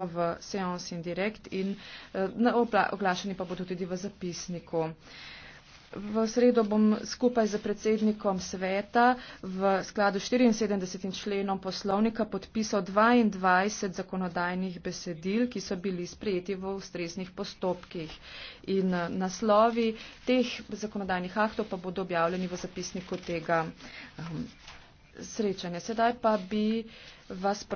v seans in direkt in eh, na oglašeni pa bodo tudi v zapisniku. V sredo bom skupaj z predsednikom sveta v skladu 74 členom poslovnika podpisal 22 zakonodajnih besedil, ki so bili sprejeti v ustreznih postopkih. In eh, naslovi teh zakonodajnih aktov pa bodo objavljeni v zapisniku tega ehm, srečanja. Sedaj pa bi vas prosil.